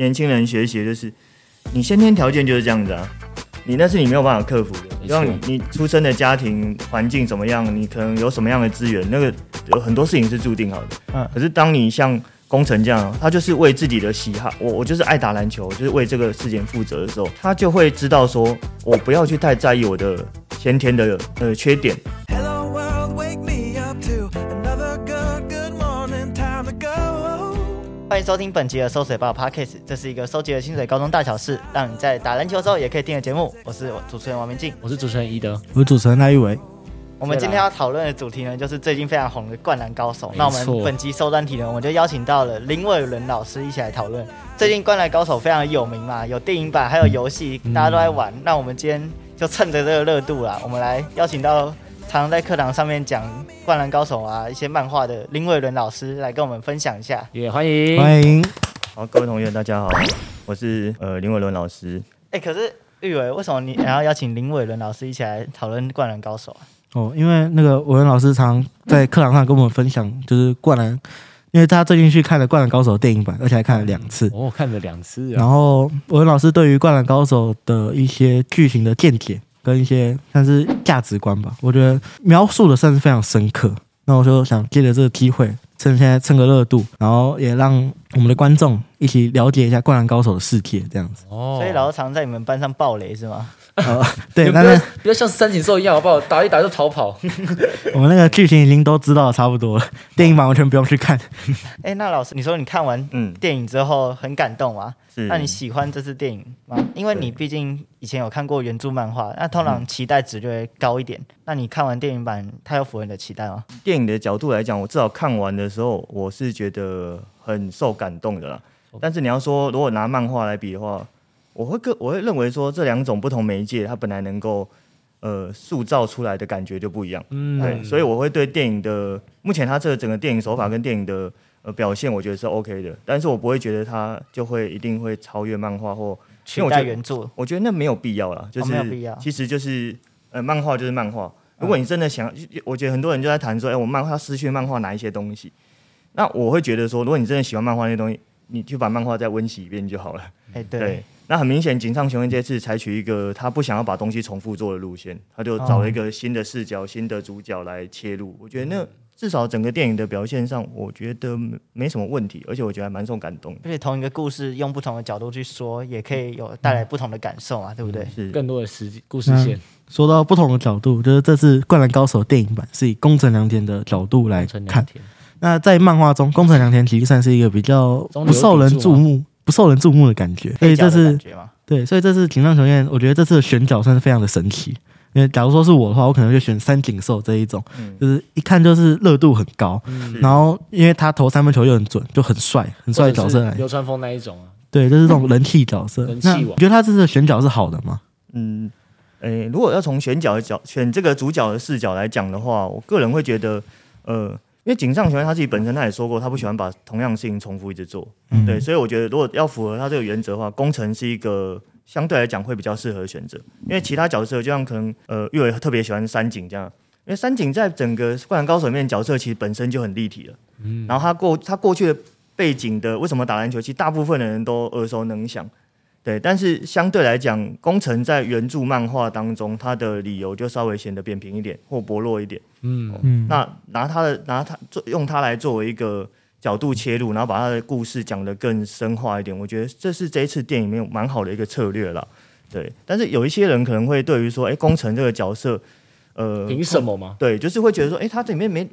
年輕人學習就是，你先天條件就是這樣子啊，你那是你沒有辦法克服的。就像你出生的家庭環境怎麼樣，你可能有什麼樣的資源，那個有很多事情是注定好的。可是當你像工程這樣、啊，他就是為自己的喜好，我我就是愛打籃球，就是為這個事情負責的時候，他就會知道說，我不要去太在意我的先天的呃缺點。歡迎收聽本集的《搜水報》Podcast，這是一個收集的清水高中大小事，讓你在打籃球時候也可以聽的節目。我是主持人王明靜，我是主持人宜德，我是主持人賴裕偉。我們今天要討論的主題呢，就是最近非常紅的《灌籃高手》沒錯。那我們本集搜專題呢，我們就邀請到了林煒倫老師一起來討論。最近《灌籃高手》非常有名嘛，有電影版，還有遊戲，嗯、大家都在玩。那我們今天就趁着這個熱度啦，我們來邀請到。常在課堂上面講《灌籃高手》啊，一些漫畫的林煒倫老師來跟我們分享一下，也歡迎，歡迎。歡迎好，各位同學，大家好，我是呃林煒倫老師。哎、欸，可是玉偉，為什麼你還要邀請林煒倫老師一起來討論《灌籃高手》啊？哦，因為那個煒倫老師常在課堂上跟我們分享，就是《灌籃》，因為他最近去看了《灌籃高手》的電影版，而且還看了兩次。哦，看了兩次、哦。然後煒倫老師對於《灌籃高手》的一些劇情的見解。跟一些算是價值觀吧，我覺得描述的算是非常深刻。那我就想借着這個機會。趁現在趁個熱度，然後也讓我們的觀眾一起了解一下《灌籃高手》的世界，這樣子。哦。所以老師常在你們班上爆雷是嗎？呃、對。不要比要呢像三井壽一樣好不好？打一打，一打就逃跑。 我們那個劇情已經都知道了差不多了，電影版完全不用去看。哎、 欸，那老師，你說你看完電影之後很感動嗎？是。那你喜歡這次電影嗎？因為你畢竟以前有看過原著漫畫，那通常期待值就會高一點。嗯、那你看完電影版，它有符合你的期待嗎？電影的角度來講，我至少看完了。時候我是覺得很受感動的啦，Okay. 但是你要說，如果拿漫畫來比的話，我會更我會認為說，這兩種不同媒介它本來能夠呃塑造出來的感覺就不一樣，嗯，對，所以我會對電影的目前它這個整個電影手法跟電影的呃表現，我覺得是 OK 的，但是我不會覺得它就會一定會超越漫畫或因為我覺得原作，我覺得那沒有必要啦，就是，哦、要其實就是呃漫畫就是漫畫。如果你真的想，我覺得很多人就在談說，哎、欸，我漫畫失去漫畫哪一些東西？那我會覺得說，如果你真的喜歡漫畫那些東西，你去把漫畫再溫習一遍就好了。哎、欸，對，對。那很明顯，井上雄彥這次採取一個他不想要把東西重複做的路線，他就找了一個新的視角、哦、新的主角來切入。我覺得那個嗯、至少整個電影的表現上，我覺得沒什麼問題，而且我覺得還蠻受感動。而且同一個故事用不同的角度去說，也可以有帶來不同的感受啊，嗯、對不對？是。更多的時故事線。嗯說到不同的角度，就是這次《灌籃高手》電影版是以宮城良田的角度來看。那在漫畫中，宮城良田其實算是一個比較不受人注目、不受人注目的感覺。所以這次，對，所以這次井上雄彥，我覺得這次的選角算是非常的神奇。因為假如說是我的話，我可能就選三井壽這一種，嗯、就是一看就是熱度很高，嗯、然後因為他投三分球又很準，就很帥，很帥的角色來。流川楓那一種啊？對，就是這種人氣角色。嗯嗯、那你覺得他這次的選角是好的嗎？嗯。誒如果要從選角的角選這個主角的視角來講的話，我個人會覺得，呃，因為井上雄彥他自己本身他也說過，他不喜歡把同樣的事情重複一直做，嗯、對，所以我覺得如果要符合他這個原則的話，宮城是一個相對來講會比較適合選擇，因為其他角色就像可能呃，玉為特別喜歡三井這樣，因為三井在整個灌籃高手裡面的角色其實本身就很立體了，嗯、然後他過他過去的背景的為什麼打籃球，其實大部分的人都耳熟能詳。對，但是相對來講，宮城在原著漫畫當中，他的理由就稍微顯得扁平一點或薄弱一點。嗯嗯、哦，那拿他的拿他用他來作為一個角度切入，然後把他的故事講得更深化一點，我覺得這是這一次電影裡面蠻好的一個策略了。對，但是有一些人可能會對於說，哎，宮城這個角色，呃，憑什麼嗎？對，就是會覺得說，哎，他這裡面沒。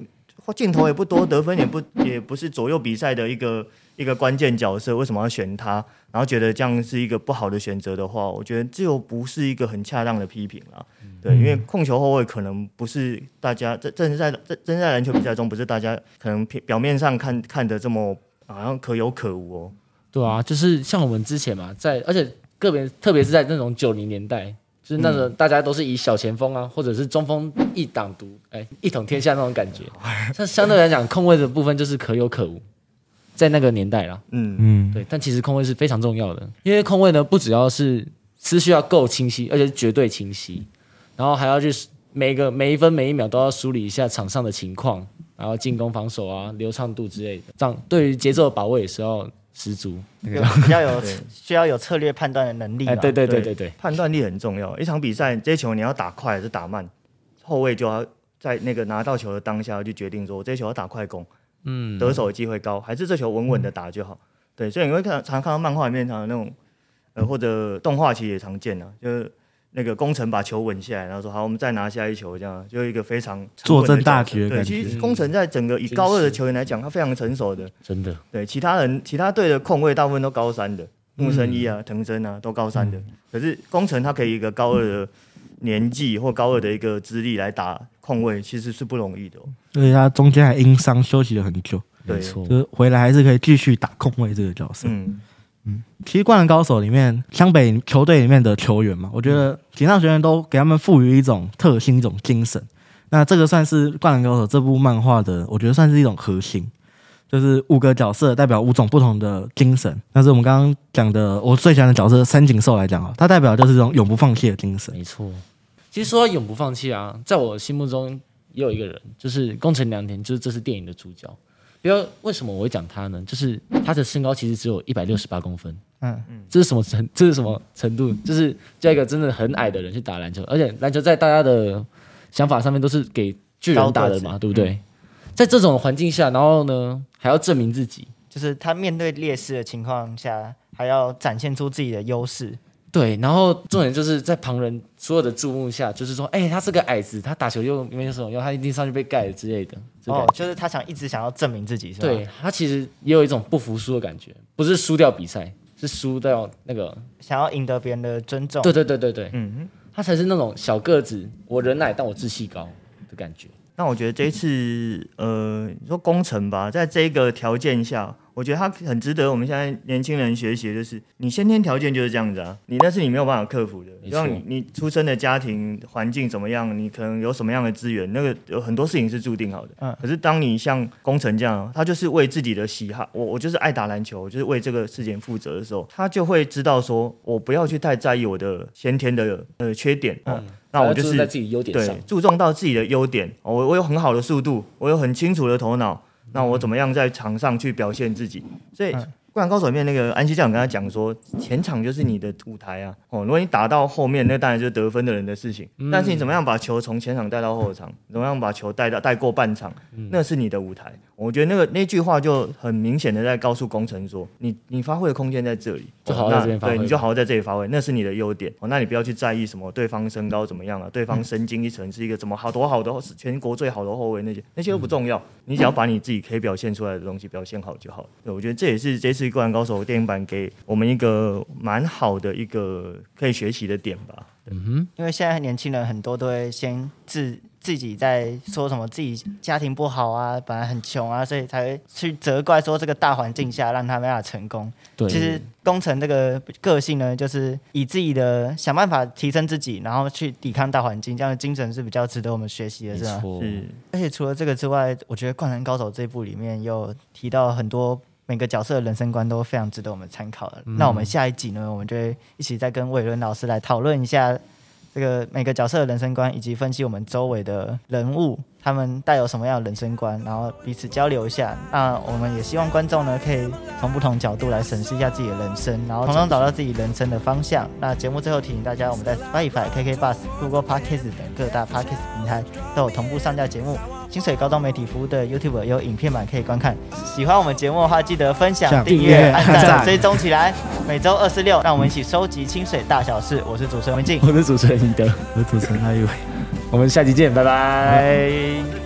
鏡頭也不多，得分，也不也不是左右比賽的一個一個關鍵角色，為什麼要選他？然後覺得這樣是一個不好的選擇的話，我覺得這又不是一個很恰當的批評了。嗯、對，因為控球後衛可能不是大家，真正是在真正在籃球比賽中不是大家可能表面上看看得這麼好像可有可無哦、喔。對啊，就是像我們之前嘛，在而且個別，特別是在那種九零年代。就是那種大家都是以小前鋒啊，嗯、或者是中鋒一黨獨哎一統天下那種感覺，那、嗯、相對來講控衛的部分就是可有可無，在那個年代啦，嗯嗯，嗯對，但其實控衛是非常重要的，因為控衛呢不只要是思緒要夠清晰，而且是絕對清晰，然後還要去每個每一分每一秒都要梳理一下場上的情況，然後進攻防守啊流暢度之類的，這樣對於節奏的把握也是要。十足，那個要有 需要有策略判斷的能力、欸、對，對對對對對，對判斷力很重要。一場比賽，這球你要打快還是打慢？後衛就要在那個拿到球的當下就決定說，說我這球要打快攻，嗯，得手的機會高，嗯嗯還是這球穩穩的打就好？對，所以你會看常看到漫畫裡面，常有那種呃或者動畫，其實也常見了、啊，就是。那個宮城把球穩下來，然後說好，我們再拿下一球，這樣就一個非常的坐鎮大局。對，其實宮城在整個以高二的球員來講，實他非常成熟的。真的，對其他人，其他隊的控衛大部分都高三的，牧、嗯、紳一啊、藤真啊都高三的。嗯、可是宮城他可以一個高二的年紀或高二的一個資歷來打控衛，其實是不容易的、哦。而且他中間還因傷休息了很久，對錯，就是回來還是可以繼續打控衛這個角色。嗯。嗯，其實《灌籃高手》裡面湘北球隊裡面的球員嘛，我覺得錦上學院都給他們賦予一種特性，一種精神。那這個算是《灌籃高手》這部漫畫的，我覺得算是一種核心，就是五個角色代表五種不同的精神。但是我們剛剛講的，我最喜歡的角色三井壽來講啊，他代表就是一種永不放棄的精神。沒錯，其實說到永不放棄啊，在我心目中也有一個人，就是宮城良田，就是這是電影的主角。為什麼我會講他呢？就是他的身高其實只有一百六十八公分，嗯嗯，這是什麼程、這是什麼程度？就是叫一個真的很矮的人去打籃球，而且籃球在大家的想法上面都是給巨人打的人嘛，對不對？嗯、在這種環境下，然後呢，還要證明自己，就是他面對劣勢的情況下，還要展現出自己的優勢。對，然後重點就是在旁人所有的注目下，就是說，哎、欸，他是個矮子，他打球又沒有什麼用，他一定上去被蓋之類的、哦。就是他想一直想要證明自己，是吧？對，他其實也有一種不服輸的感覺，不是輸掉比賽，是輸掉那個想要贏得別人的尊重。對對對對對，嗯哼，他才是那種小個子，我人矮，但我志氣高的感覺。那我覺得這一次，呃，你說宮城吧，在這個條件下。我覺得他很值得我們現在年輕人學習，就是你先天條件就是這樣子啊，你那是你沒有辦法克服的。你你出生的家庭環境怎麼樣，你可能有什麼樣的資源，那個有很多事情是注定好的。可是當你像宮城這樣，他就是為自己的喜好，我我就是愛打籃球，就是為這個事情負責的時候，他就會知道說，我不要去太在意我的先天的呃缺點、啊。那我就是在自己優點上。對，注重到自己的優點。我我有很好的速度，我有很清楚的頭腦。那我怎麼樣在場上去表現自己？所以。不然高手裡面那個安西教練跟他講說，前場就是你的舞台啊，哦，如果你打到後面，那當然就是得分的人的事情。嗯、但是你怎麼樣把球從前場帶到後場，怎麼樣把球帶到帶過半場，嗯、那是你的舞台。我覺得那個那句話就很明顯的在告訴宮城說，你你發揮的空間在這裡，就好，這那對就好在這裡發揮，你就好好在這裡發揮，那是你的優點。哦，那你不要去在意什麼對方身高怎麼樣啊，對方身經一層是一個什麼好多好多全國最好的後衛那些，那些都不重要，嗯、你只要把你自己可以表現出來的東西表現好就好了。我覺得這也是這次。《灌籃高手》電影版給我們一個蠻好的一個可以學習的點吧。嗯哼，因為現在年輕人很多都會先自自己在說什麼，自己家庭不好啊，本來很窮啊，所以才會去責怪說這個大環境下讓他沒法成功。對，其實工程這個個性呢，就是以自己的想辦法提升自己，然後去抵抗大環境，這樣的精神是比較值得我們學習的，是吧錯？是。而且除了這個之外，我覺得《灌籃高手》這一部裡面又提到很多。每個角色的人生觀都非常值得我們參考的。嗯、那我們下一集呢，我們就一起再跟煒倫老師來討論一下這個每個角色的人生觀，以及分析我們周圍的人物，他們帶有什麼樣的人生觀，然後彼此交流一下。那、啊、我們也希望觀眾呢，可以從不同角度來審視一下自己的人生，然後從中找到自己人生的方向。那節目最後提醒大家，我們在 Spotify KK Bus、Google Podcast 等各大 Podcast 平台都有同步上架節目。清水高中媒體服務的 YouTube 有影片版可以觀看。喜歡我們節目的話，記得分享、訂閱、按讚、讚追蹤起來。 每周二、四、六，讓我們一起收集清水大小事。我是主持人文靜，我是主持人宜德，我是主持人阿偉。我們下期見，拜拜。